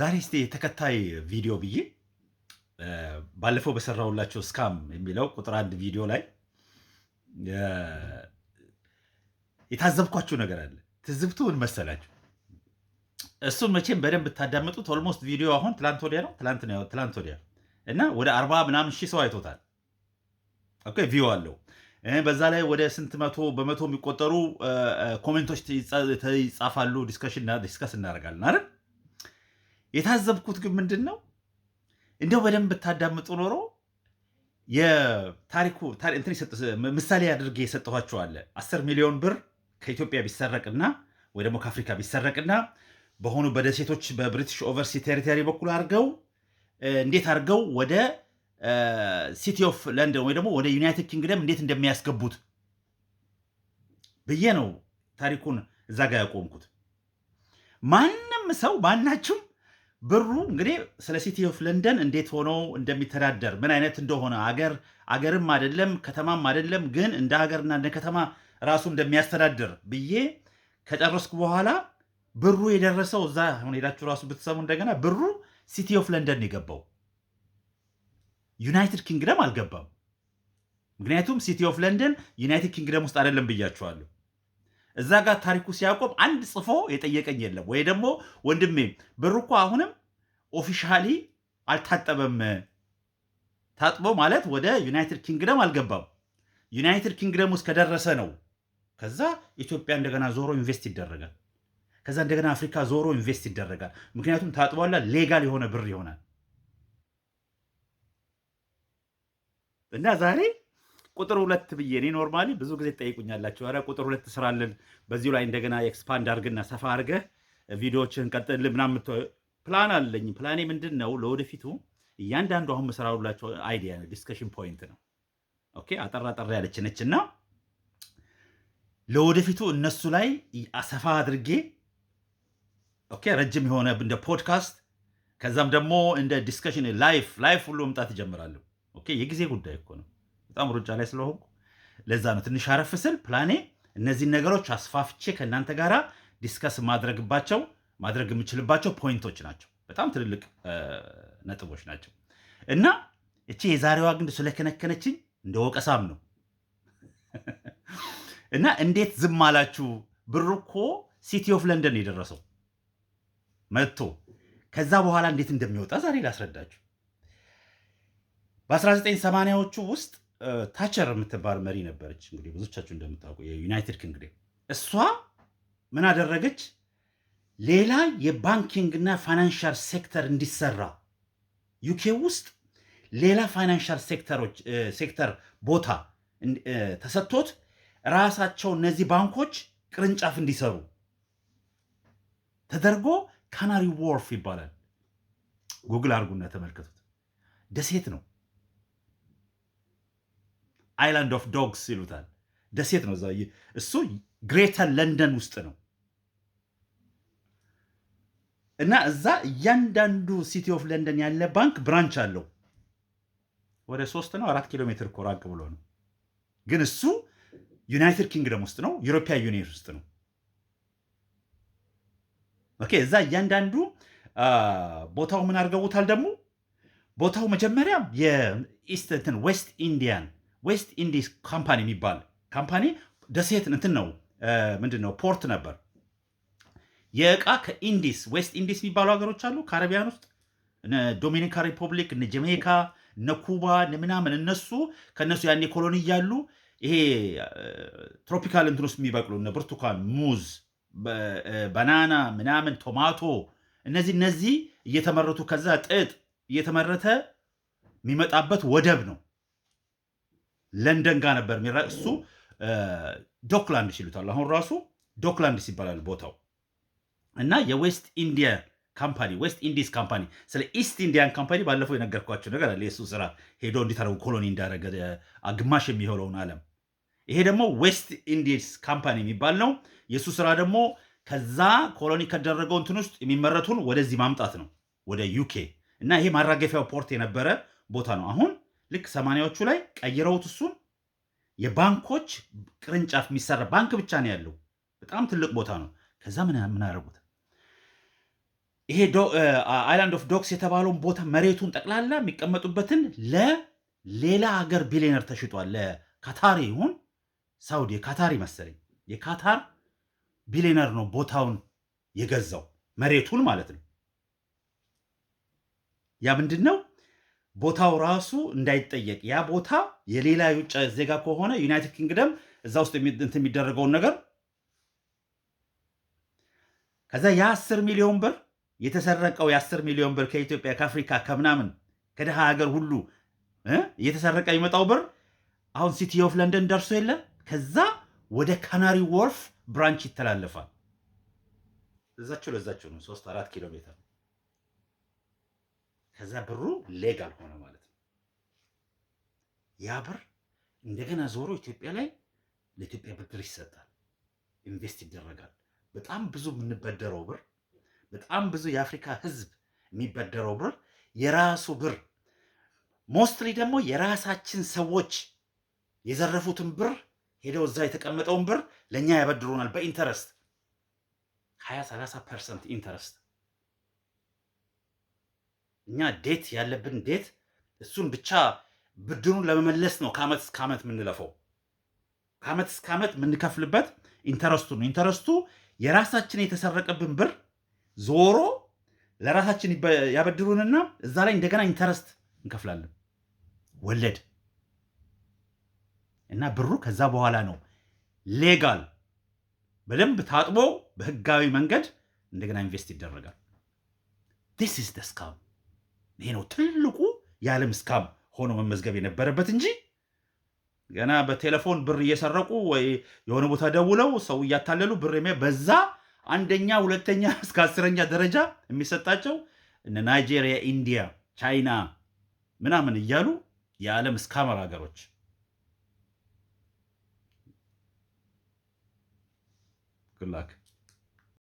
ዛሬ እስቲ የተከታይ ቪዲዮ ብዬ ባለፈው በሰራሁላቸው ስካም የሚለው ቁጥር አንድ ቪዲዮ ላይ የታዘብኳችሁ ነገር አለ። ትዝብቱ ምን መሰላችሁ? እሱን መቼም በደንብ ብታዳምጡት ኦልሞስት ቪዲዮ አሁን ትላንት ወዲያ ነው ትላንት ወዲያ እና ወደ አርባ ምናምን ሺህ ሰው አይቶታል። ኦኬ ቪዩ አለው። በዛ ላይ ወደ ስንት መቶ በመቶ የሚቆጠሩ ኮሜንቶች ይጻፋሉ። ዲስከስ እናደርጋለን አይደል የታዘብኩት ግን ምንድን ነው እንደው በደንብ ብታዳምጡ ኖሮ የታሪኩ ምሳሌ አድርጌ የሰጠኋቸዋለ አስር ሚሊዮን ብር ከኢትዮጵያ ቢሰረቅና ወይ ደግሞ ከአፍሪካ ቢሰረቅና በሆኑ በደሴቶች በብሪቲሽ ኦቨርሲ ቴሪቶሪ በኩል አድርገው እንዴት አድርገው ወደ ሲቲ ኦፍ ለንደን ወይ ደግሞ ወደ ዩናይትድ ኪንግደም እንዴት እንደሚያስገቡት ብዬ ነው ታሪኩን እዛ ጋር ያቆምኩት። ማንም ሰው ማናችሁም ብሩ እንግዲህ ስለ ሲቲ ኦፍ ለንደን እንዴት ሆኖ እንደሚተዳደር ምን አይነት እንደሆነ አገር አገርም አይደለም ከተማም አይደለም፣ ግን እንደ ሀገርና እንደ ከተማ ራሱ እንደሚያስተዳድር ብዬ ከጨረስኩ በኋላ ብሩ የደረሰው እዛ አሁን ሄዳችሁ ራሱ ብትሰሙ እንደገና ብሩ ሲቲ ኦፍ ለንደን የገባው ዩናይትድ ኪንግደም አልገባም። ምክንያቱም ሲቲ ኦፍ ለንደን ዩናይትድ ኪንግደም ውስጥ አይደለም ብያችኋለሁ። እዛ ጋር ታሪኩ ሲያቆም አንድ ጽፎ የጠየቀኝ የለም። ወይ ደግሞ ወንድሜ ብር እኮ አሁንም ኦፊሻሊ አልታጠበም፣ ታጥቦ ማለት ወደ ዩናይትድ ኪንግደም አልገባም። ዩናይትድ ኪንግደም ውስጥ ከደረሰ ነው። ከዛ ኢትዮጵያ እንደገና ዞሮ ኢንቨስት ይደረጋል። ከዛ እንደገና አፍሪካ ዞሮ ኢንቨስት ይደረጋል። ምክንያቱም ታጥቧላ፣ ሌጋል የሆነ ብር ይሆናል እና ዛሬ ቁጥር ሁለት ብዬ እኔ ኖርማሊ ብዙ ጊዜ ትጠይቁኛላችሁ፣ ኧረ ቁጥር ሁለት ስራልን በዚሁ ላይ እንደገና ኤክስፓንድ አድርግና ሰፋ አድርገህ ቪዲዮዎችን ቀጥል ምናምን ፕላን አለኝ። ፕላኔ ምንድን ነው ለወደፊቱ እያንዳንዱ አሁን መሰራሩላቸው አይዲያ ነው፣ ዲስከሽን ፖይንት ነው። ኦኬ አጠራ ጠር ያለች ነች እና ለወደፊቱ እነሱ ላይ ሰፋ አድርጌ ኦኬ ረጅም የሆነ እንደ ፖድካስት ከዛም ደግሞ እንደ ዲስከሽን ላይፍ ላይፍ ሁሉ መምጣት ይጀምራሉ። ኦኬ የጊዜ ጉዳይ እኮ ነው። በጣም ሩጫ ላይ ስለሆንኩ ለዛ ነው ትንሽ አረፍ ስል ፕላኔ እነዚህን ነገሮች አስፋፍቼ ከእናንተ ጋር ዲስከስ ማድረግባቸው ማድረግ የምችልባቸው ፖይንቶች ናቸው። በጣም ትልልቅ ነጥቦች ናቸው እና እቺ የዛሬዋ ግን ስለከነከነችኝ እንደ ወቀሳም ነው እና እንዴት ዝም አላችሁ? ብሩ እኮ ሲቲ ኦፍ ለንደን የደረሰው መጥቶ ከዛ በኋላ እንዴት እንደሚወጣ ዛሬ ላስረዳችሁ። በ1980ዎቹ ውስጥ ታቸር የምትባል መሪ ነበረች። እንግዲህ ብዙቻችሁ እንደምታውቁ የዩናይትድ ኪንግደም። እሷ ምን አደረገች? ሌላ የባንኪንግና ፋይናንሻል ሴክተር እንዲሰራ ዩኬ ውስጥ ሌላ ፋይናንሻል ሴክተሮች ሴክተር ቦታ ተሰጥቶት ራሳቸው እነዚህ ባንኮች ቅርንጫፍ እንዲሰሩ ተደርጎ ካናሪ ዎርፍ ይባላል። ጉግል አድርጉና ተመልከቱት። ደሴት ነው። አይላንድ ኦፍ ዶግስ ይሉታል። ደሴት ነው። እዛ እሱ ግሬተር ለንደን ውስጥ ነው እና እዛ እያንዳንዱ ሲቲ ኦፍ ለንደን ያለ ባንክ ብራንች አለው። ወደ ሶስት ነው አራት ኪሎ ሜትር እኮ ራቅ ብሎ ነው። ግን እሱ ዩናይትድ ኪንግደም ውስጥ ነው፣ ዩሮፒያን ዩኒየን ውስጥ ነው። ኦኬ እዛ እያንዳንዱ ቦታው ምን አድርገውታል ደግሞ ቦታው መጀመሪያ የኢስት እንትን ዌስት ኢንዲያን ዌስት ኢንዲስ ካምፓኒ የሚባል ካምፓኒ ደሴት እንትን ነው ምንድን ነው ፖርት ነበር። የእቃ ከኢንዲስ ዌስት ኢንዲስ የሚባሉ ሀገሮች አሉ ካረቢያን ውስጥ ዶሚኒካ ሪፐብሊክ፣ እነ ጀሜይካ፣ እነ ኩባ ምናምን እነሱ ከእነሱ ያኔ ኮሎኒ እያሉ ይሄ ትሮፒካል እንትን ውስጥ የሚበቅሉ እነ ብርቱካን፣ ሙዝ፣ ባናና ምናምን ቶማቶ እነዚህ እነዚህ እየተመረቱ ከዛ ጥጥ እየተመረተ የሚመጣበት ወደብ ነው ለንደን ጋር ነበር የሚራ እሱ ዶክላንድ ይሉታል። አሁን ራሱ ዶክላንድ ይባላል ቦታው እና የዌስት ኢንዲያ ካምፓኒ ዌስት ኢንዲስ ካምፓኒ ስለ ኢስት ኢንዲያን ካምፓኒ ባለፈው የነገርኳቸው ነገር አለ። የእሱ ስራ ሄዶ እንዲታደረጉ ኮሎኒ እንዳደረገ ግማሽ የሚሆነውን አለም ይሄ ደግሞ ዌስት ኢንዲስ ካምፓኒ የሚባል ነው። የእሱ ስራ ደግሞ ከዛ ኮሎኒ ከደረገው እንትን ውስጥ የሚመረቱን ወደዚህ ማምጣት ነው፣ ወደ ዩኬ እና ይሄ ማራገፊያው ፖርት የነበረ ቦታ ነው። አሁን ልክ ሰማንያዎቹ ላይ ቀይረውት እሱን የባንኮች ቅርንጫፍ የሚሰራ ባንክ ብቻ ነው ያለው። በጣም ትልቅ ቦታ ነው። ከዛ ምን አደረጉት? ይሄ አይላንድ ኦፍ ዶክስ የተባለውን ቦታ መሬቱን ጠቅላላ የሚቀመጡበትን ለሌላ ሀገር ቢሊዮነር ተሽጧል። ለካታሪ ይሁን ሳውዲ፣ የካታር መሰለኝ የካታር ቢሊዮነር ነው ቦታውን የገዛው መሬቱን ማለት ነው። ያ ምንድን ነው ቦታው ራሱ እንዳይጠየቅ ያ ቦታ የሌላ የውጭ ዜጋ ከሆነ ዩናይትድ ኪንግደም እዛ ውስጥ እንትን የሚደረገውን ነገር ከዛ የአስር ሚሊዮን ብር የተሰረቀው የአስር ሚሊዮን ብር ከኢትዮጵያ ከአፍሪካ ከምናምን ከድሀ ሀገር ሁሉ እየተሰረቀ የሚመጣው ብር አሁን ሲቲ ኦፍ ለንደን ደርሶ የለ ከዛ ወደ ካናሪ ወርፍ ብራንች ይተላለፋል። እዛቸው ለዛቸው ነው ሶስት አራት ኪሎ ሜትር ከዛ ብሩ ሌጋል ሆነ ማለት ነው። ያ ብር እንደገና ዞሮ ኢትዮጵያ ላይ ለኢትዮጵያ ብድር ይሰጣል፣ ኢንቨስት ይደረጋል። በጣም ብዙ የምንበደረው ብር በጣም ብዙ የአፍሪካ ህዝብ የሚበደረው ብር የራሱ ብር ሞስትሊ ደግሞ የራሳችን ሰዎች የዘረፉትን ብር ሄደው እዛ የተቀመጠውን ብር ለእኛ ያበድሩናል በኢንተረስት 20 30 ፐርሰንት ኢንተረስት እኛ ዴት ያለብን ዴት እሱን ብቻ ብድሩን ለመመለስ ነው ከዓመት እስከ ዓመት የምንለፈው፣ ከዓመት እስከ ዓመት የምንከፍልበት ኢንተረስቱ ነው። ኢንተረስቱ የራሳችን የተሰረቀብን ብር ዞሮ ለራሳችን ያበድሩንና እዛ ላይ እንደገና ኢንተረስት እንከፍላለን ወለድ እና ብሩ ከዛ በኋላ ነው ሌጋል በደንብ ታጥቦ በህጋዊ መንገድ እንደገና ኢንቨስት ይደረጋል። ዲስ ኢዝ ደ ስካም ይሄ ነው ትልቁ የዓለም ስካም ሆኖ መመዝገብ የነበረበት እንጂ ገና በቴሌፎን ብር እየሰረቁ ወይ የሆነ ቦታ ደውለው ሰው እያታለሉ ብር በዛ አንደኛ፣ ሁለተኛ እስከ አስረኛ ደረጃ የሚሰጣቸው እነ ናይጄሪያ፣ ኢንዲያ፣ ቻይና ምናምን እያሉ የዓለም ስካመር ሀገሮች ግላክ